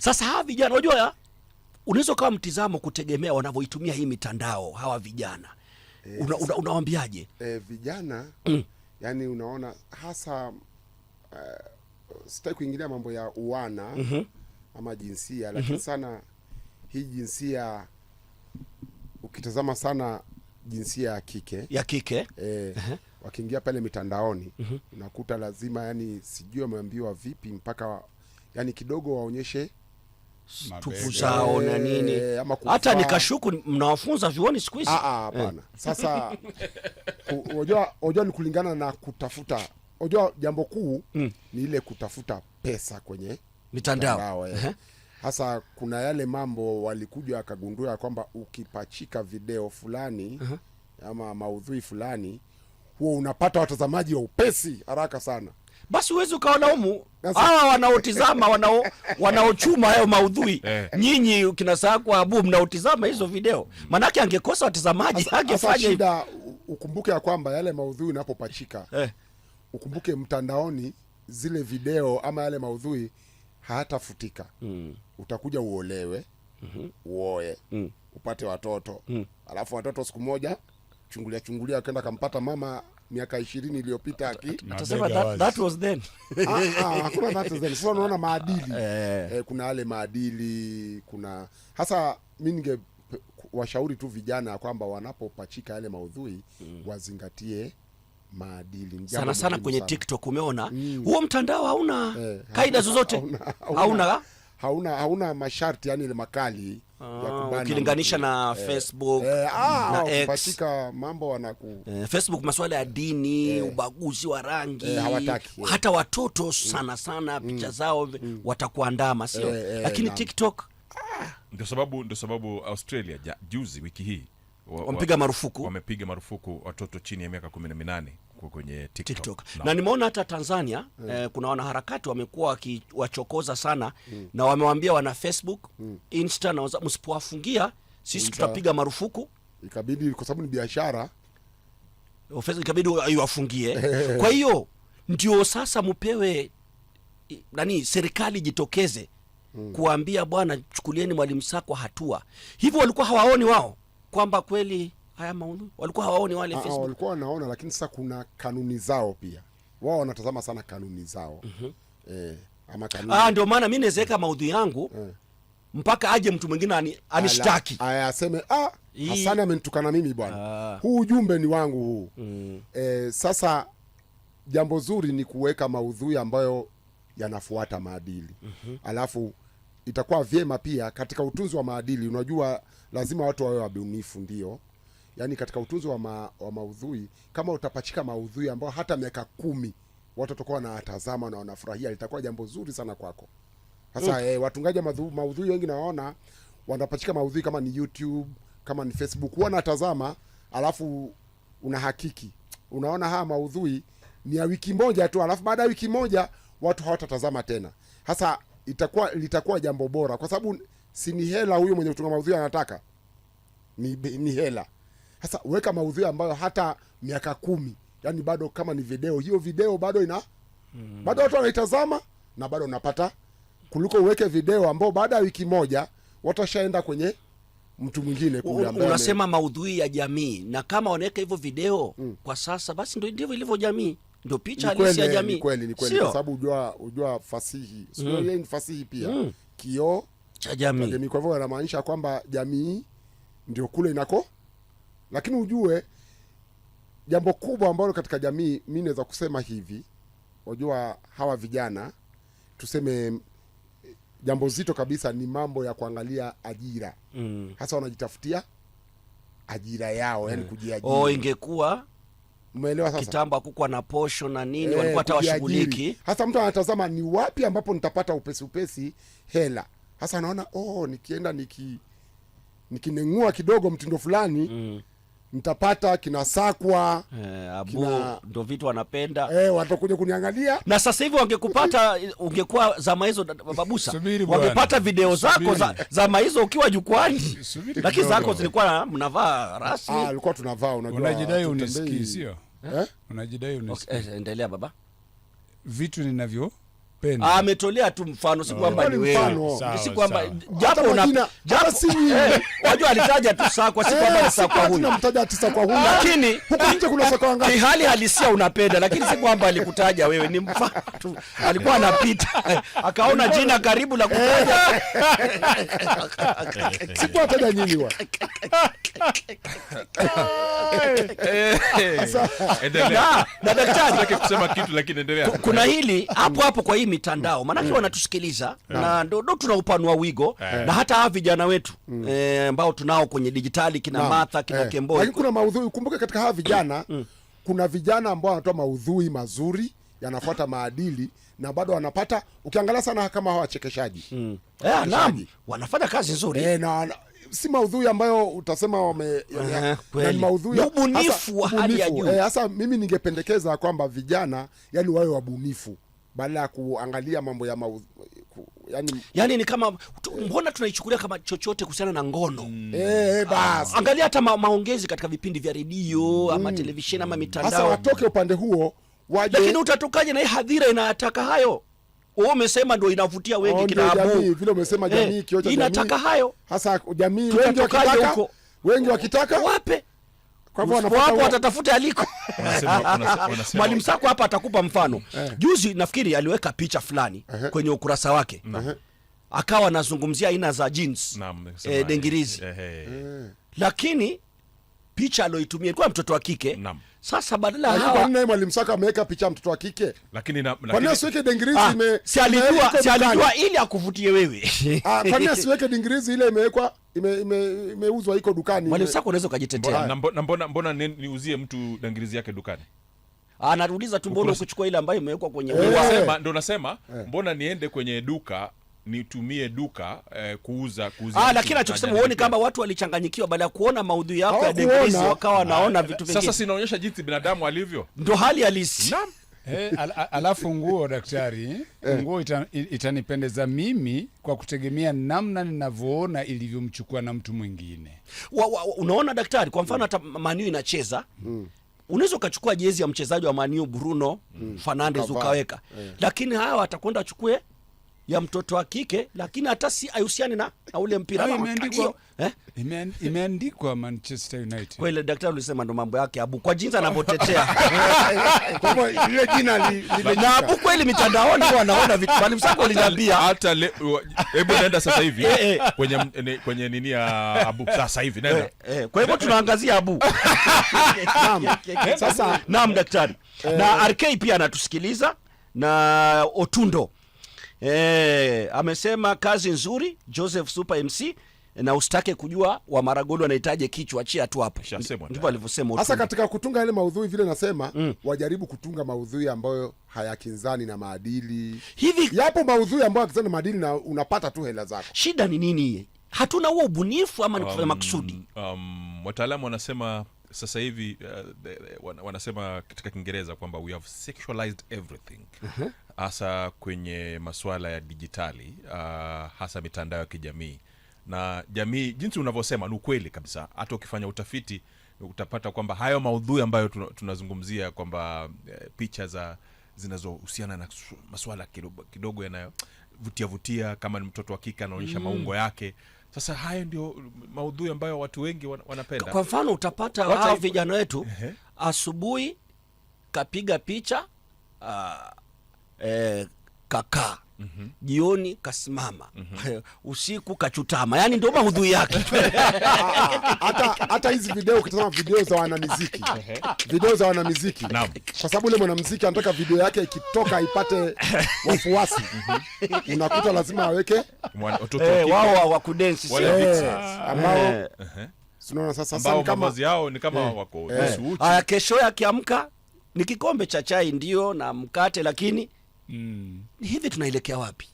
Sasa hawa vijana unajua unaweza ukawa mtizamo kutegemea wanavyoitumia hii mitandao hawa vijana e, una, una, unawambiaje e, eh, vijana mm. Yani unaona hasa uh, sitaki kuingilia mambo ya uwana mm -hmm. ama jinsia lakini mm -hmm. sana hii jinsia ukitazama sana jinsia ya kike ya kike e, uh -huh. wakiingia pale mitandaoni uh mhm. -huh. unakuta lazima yani sijui wameambiwa vipi mpaka yani kidogo waonyeshe tupu zao na nini, eh, hata nikashuku mnawafunza vioni siku hizi. Ah, ah, hapana, eh. sasa unajua ni kulingana na kutafuta, unajua jambo kuu mm. ni ile kutafuta pesa kwenye mitandao eh. hasa kuna yale mambo walikuja wakagundua kwamba ukipachika video fulani uh -huh. ama maudhui fulani huo unapata watazamaji wa upesi haraka sana basi huwezi ukaona umu hawa wanaotizama wanao wanaochuma hayo maudhui eh. nyinyi kinasakwa abu mnaotizama hizo video, maanake angekosa watizamaji angefanya shida. Ukumbuke ya kwamba yale maudhui unapopachika eh, ukumbuke mtandaoni zile video ama yale maudhui hayatafutika mm. Utakuja uolewe mm -hmm. Uoe mm. Upate watoto mm. Alafu watoto siku moja chungulia chungulia, akenda kampata mama miaka ishirini iliyopita akihakuna ah, ah, unaona maadili eh. Eh, kuna yale maadili kuna hasa mi ninge washauri tu vijana kwamba wanapopachika yale maudhui mm. wazingatie maadili sana sana kwenye sana. TikTok umeona mm. huo mtandao hauna eh, kaida zozote hauna hauna hauna masharti yani ile makali ah, ukilinganisha na eh, Facebook eh, ah, na mambo wanaku eh, Facebook masuala ya dini eh, ubaguzi wa rangi eh, hawataki eh. hata watoto mm. sana sana mm. picha zao mm, watakuandama sio eh, eh, lakini na, TikTok ah, ndio sababu ndio sababu Australia ja, juzi wiki hii wamepiga marufuku, wamepiga marufuku watoto chini ya miaka 18 kwenye TikTok. TikTok. Na, na nimeona hata Tanzania mm. eh, kuna wanaharakati wamekuwa wakiwachokoza sana mm. na wamewaambia wana Facebook mm. Insta na msipowafungia sisi tutapiga marufuku ikabidi kwa sababu ni biashara oh, ikabidi iwafungie. Kwa hiyo ndio sasa mpewe nani, serikali jitokeze mm. kuambia bwana, chukulieni Mwalimu Sakwa hatua. Hivyo walikuwa hawaoni wao kwamba kweli haya maudhui walikuwa hawaoni wale ha, ah, ah, Facebook walikuwa wanaona, lakini sasa kuna kanuni zao pia, wao wanatazama sana kanuni zao mm -hmm. E, kanuni ah, ndio maana mi nawezaweka maudhui yangu e, mpaka aje mtu mwingine anishtaki aseme ah, Hasani amenitukana mimi bwana, huu ujumbe ni wangu huu mm. E, sasa jambo zuri ni kuweka maudhui ambayo yanafuata maadili mm -hmm. alafu itakuwa vyema pia katika utunzi wa maadili. Unajua, lazima watu wawe wabunifu, ndio yani katika utunzi wa, ma, wa maudhui. Kama utapachika maudhui ambayo hata miaka kumi watu watakuwa wanatazama na wanafurahia, litakuwa jambo zuri sana kwako. Sasa mm. eh, watungaji maudhui wengi nawaona wanapachika maudhui kama ni YouTube, kama ni Facebook, wanatazama alafu unahakiki, unaona haya maudhui ni ya wiki moja tu, alafu baada ya wiki moja watu hawatatazama tena. Hasa itakuwa litakuwa jambo bora, kwa sababu si ni hela huyo mwenye kutunga maudhui anataka ni, ni hela. Sasa weka maudhui ambayo hata miaka kumi, yani bado kama ni video, hiyo video bado ina mm. bado watu wanaitazama na bado unapata, kuliko uweke video ambao baada ya wiki moja watashaenda kwenye mtu mwingine unasema maudhui ya jamii, na kama wanaweka hivyo video mm. kwa sasa, basi ndio ndivyo ilivyo jamii ndio picha halisi ya jamii. Ni kweli, ni kweli, kwa sababu ujua, ujua fasihi sio ile ni fasihi pia mm. kio cha jamii. Kwa hivyo inamaanisha kwamba jamii ndio kule inako, lakini ujue jambo kubwa ambalo katika jamii mi naweza kusema hivi, wajua hawa vijana tuseme jambo zito kabisa ni mambo ya kuangalia ajira mm. hasa wanajitafutia ajira yao mm. yani kujiajiri. Oh, ingekuwa Umeelewa sasa? Kitambo hakukuwa na posho na nini, eh, walikuwa hata washughuliki. Hasa mtu anatazama ni wapi ambapo nitapata upesi upesi hela. Hasa anaona oh, nikienda niki nikineng'ua kidogo mtindo fulani mm mtapata kinasakwa eh, ndo vitu wanapenda eh, watakuja kuniangalia. Na sasa hivi wangekupata, ungekuwa zama hizo babusa, wangepata video zako za, zama hizo ukiwa jukwani, lakini zako zilikuwa mnavaa rasmi. Ah, alikuwa tunavaa, unajua unajidai unisikii, sio eh? Unajidai unisikii. Okay, eh, endelea baba, vitu ninavyo Ah, ametolea tu mfano, si ah. kwamba ni wewe, si kwamba japo una japo si eh, wajua alitaja tu si eh, kwamba tunamtaja lakini huko nje kuna eh, Hali halisia unapenda, lakini si kwamba alikutaja wewe, ni mfano tu, alikuwa anapita akaona jina karibu la kutaja, si kwa taja nyinyi wa na daktari, nataka kusema kitu lakini endelea. Kuna hili hapo hapo kwa hii mitandao maanake mm. mm. wanatusikiliza yeah. na ndo tunaupanua wigo yeah. na hata haa vijana wetu mm. Eh, ambao mm. e, tunao kwenye dijitali kina yeah. matha kina yeah. Kemboi, kuna maudhui ukumbuke, katika hawa vijana mm. kuna vijana ambao wanatoa maudhui mazuri yanafuata maadili na bado wanapata, ukiangalia sana kama hawa wachekeshaji mm. yeah, naam, wanafanya kazi nzuri e, na, na, si maudhui ambayo utasema wame eh, maudhui ubunifu wa hali ya juu. mimi ningependekeza kwamba vijana yani wawe wabunifu badala ya kuangalia mambo ya maudhi, yani, yani ni kama mbona tunaichukulia kama chochote kuhusiana na ngono mm. eh, eh basi angalia hata ma, maongezi katika vipindi vya redio ama mm. televisheni ama mm. mitandao. Sasa watoke upande huo waje, lakini utatokaje na hii hadhira inayataka hayo? Wewe umesema ndio inavutia wengi oh, kina Abu vile umesema eh, jamii, eh, kiocha jamii inataka hayo hasa, jamii wengi wakitaka, wengi wakitaka wape kwa hivyo watatafuta aliko. Mwalimu Sako hapa atakupa mfano. Eh. Juzi nafikiri aliweka picha fulani eh. kwenye ukurasa wake. Eh. Akawa anazungumzia aina za jeans. Dengirizi. Lakini picha aloitumia ilikuwa mtoto wa kike Naam. Sasa badala hawa kwa nini mwalimu Saka ameweka picha ya mtoto wa kike? Lakini na kwa nini siweke dengrizi ah, ime si alijua si alijua ili akuvutie wewe ah, kwa nini siweke dengrizi ile imewekwa imeuzwa ime, imeuzwa iko dukani mwalimu Saka unaweza kujitetea. na mbona mbona, niuzie mtu dengrizi yake dukani anauliza ah, tu mbona ukuchukua ile ambayo imewekwa kwenye hey. Eh. Ndo nasema hey. Eh. Mbona niende kwenye duka nitumie duka eh, kuuza kuuza. Ah, lakini anachosema huoni kama watu walichanganyikiwa baada ya kuona maudhui yako ya Degrees, wakawa wanaona ah. vitu vingine. Sasa sinaonyesha jinsi binadamu alivyo, ndo hali halisi. Naam. Eh, al alafu nguo daktari, eh. nguo ita itanipendeza mimi kwa kutegemea namna ninavyoona ilivyomchukua na mtu mwingine. Unaona daktari, kwa mfano hata Manu inacheza mm. Unaweza ukachukua jezi ya mchezaji wa Manu Bruno mm. Fernandes ukaweka yeah. Lakini hawa watakwenda wachukue ya mtoto wa kike, lakini hata si haihusiani na, na ule mpira imeandikwa eh? imeandikwa Manchester United. Kweli daktari ulisema ndo mambo yake Abu kwa jinsi anavyotetea ile jina na Abu kweli, mitandaoni wanaona vitu bali msako aliniambia hata hebu naenda sasa hivi eh, eh. kwenye ne, kwenye nini ya Abu sasa hivi nenda. eh, eh. Kwa hivyo tunaangazia Abu naam, sasa naam daktari eh. na RK pia anatusikiliza na Otundo E, amesema kazi nzuri Joseph Super MC na usitake kujua wa Maragoli wanahitaji kichwa, chia tu hapo. ndivo alivyosema. Hasa katika kutunga yale maudhui vile nasema mm, wajaribu kutunga maudhui ambayo hayakinzani na maadili. Hivi yapo maudhui ambayo hayakinzani na maadili na unapata tu hela zako. Shida ni nini? Hatuna huo ubunifu ama ni kufanya um, makusudi? Um, wataalamu wanasema sasa hivi uh, wanasema katika Kiingereza kwamba we have sexualized everything uh-huh. hasa uh -huh. kwenye masuala ya dijitali uh, hasa mitandao ya kijamii na jamii, jinsi unavyosema ni ukweli kabisa. Hata ukifanya utafiti utapata kwamba hayo maudhui ambayo tunazungumzia kwamba uh, picha za zinazohusiana na masuala kidogo, kidogo yanayovutia vutia, kama ni mtoto wa kike anaonyesha mm. maungo yake sasa hayo ndio maudhui ambayo watu wengi wanapenda. Kwa mfano utapata hao vijana wetu asubuhi kapiga picha uh, eh, kakaa mm -hmm. jioni kasimama mm -hmm. usiku kachutama, yani ndio mahudhui yake. Hata hizi video ukitazama video za wanamiziki video za wanamiziki kwa sababu ule mwanamziki anataka video yake ikitoka ipate wafuasi mhm. unakuta lazima aweke eh, wao hawakudensi eh, ambao eh. kesho akiamka ni kikombe cha chai ndio na mkate, lakini mm. hivi tunaelekea wapi